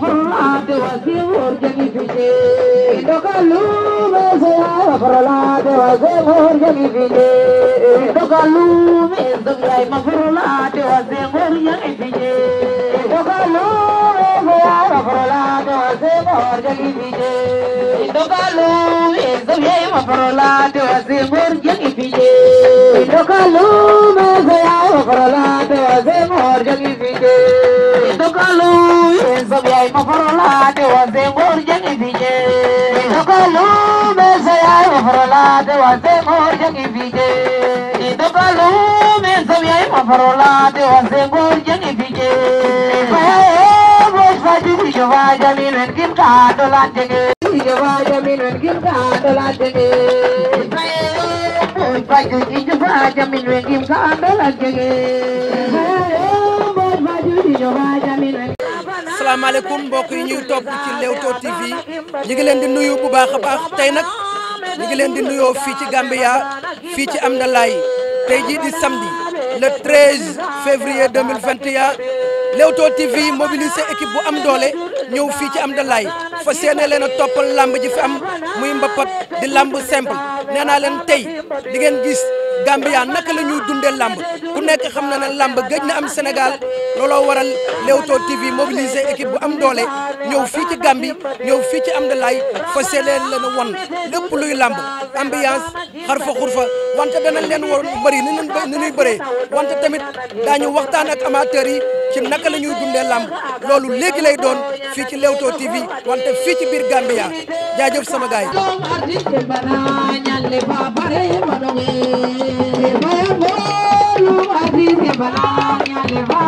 فرلات وزيور جميع فيجي دقالو مزيا فرلات وزيور جميع فيجي دقالو مزيا فرلات وزيور جميع فيجي دقالو مزيا فرلات وزيور جميع فيجي دقالو مزيا فرلات وزيور جميع فيجي دقالو مزيا فرلات وزيور ko yaay ma farolaate wante ngoor jangi fiije indokalume sa yaay ma farolaate wante ngoor jangi fiije indokalume sa yaay ma farolaate wante ngoor jangi fiije fayaye boy faji fijo vaja min wen kim kaatolantege fijo vaja min wen kim kaatolantege fayaye boy faji fijo vaja min wen kim kaatolantege fayaye boy faji fijo vaja asalaamaaleykum mbokk yi ñuy topp ci Leewtoo TV ñu ngi leen di nuyu bu baax baax tey nag ñu ngi leen di nuyoo fii ci Gambia fii ci Amdalaay tey jii di samedi le 13 février 2021. Leewtoo TV mobilisé équipe bu am doole ñëw fii ci am Amdalaay fa seene leen a toppal lamb ji fi am muy mbapat di làmb simple nee naa leen tey di ngeen gis Gambia naka la ñuy dundee làmb ku nekk xam na ne làmb gëj na am Sénégal looloo waral Leewtoo TV mobiliser équipe bu am doole ñëw fii ci Gambie ñëw fii ci am de lay fas leen leen a won lépp luy làmb ambiance xar fa xur fa wante danañ leen war mbëri ni ñuy ni wante tamit daañu waxtaan ak amateurs yi ci naka la dundee làmb loolu léegi lay doon. fii ci Leewtoo TV wante fii ci biir Gambia jaajëf sama gaay yi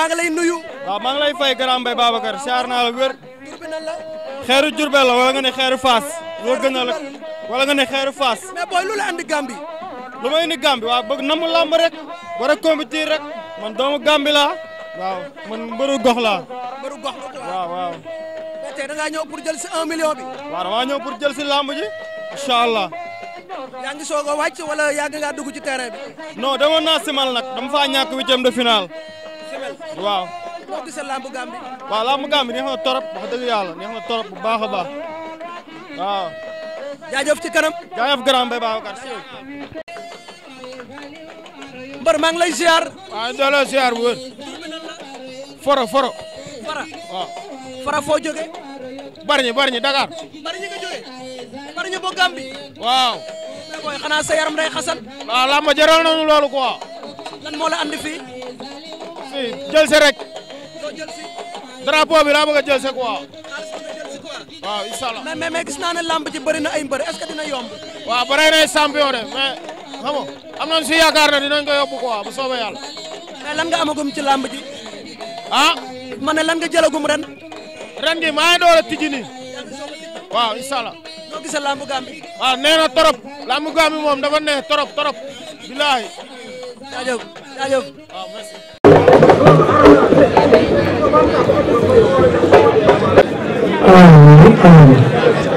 maa ngi lay nuyu. waaw maa ngi lay fay Grand Mbaye Babacar siyaar nga ne xeeru Faas. loo gën a la wala nga ne xeeru Faas. mais booy lu la a compétir rek. man doomu Gambi laa. waaw pour jël si 1 million bi. waaw da jël si làmb ji. incha allah. yaa ngi soog a wàcc wala yaa ngi ngaa dugg ci terrain bi. non demoon naa simal nag dama faa ñàkk huitième de waaw. moo gisee làmb Gàmbi. waaw làmb Gàmbi neex na torop wax dëgg yàlla neex na torop bu baax a baax waaw. jaajëf ci kanam. jaajëf grand Mbaye Babacar Sy. maa ngi lay ziar. waaw doo la ziar bu wér. foro foro. fara waaw. fara foo jógee. bari ñi bari ñi day xasan. waaw làmb jaral nañu loolu quoi. lan moo la andi fii. fii jël si rek drapeau bi daa bëgg a jël waaw incha allah. mais gis naa ne lamb ji bëri na ay mbër dina yomb. waaw bëri na ay champion de mais xam am nañu si yaakaar na dinañ ko yóbbu quoi bu soobee yàlla. mais lan nga amagum ci lamb ji. Ah? ma ne lan nga jëlagum ren. ren gi maa ngi door a tijji nii waaw incha allah. noo gisee lamb Gambie. waaw ah, nee na trop lamb Gambie moom dafa neex trop trop. bilaahi. jaajëf ah, amiin amiin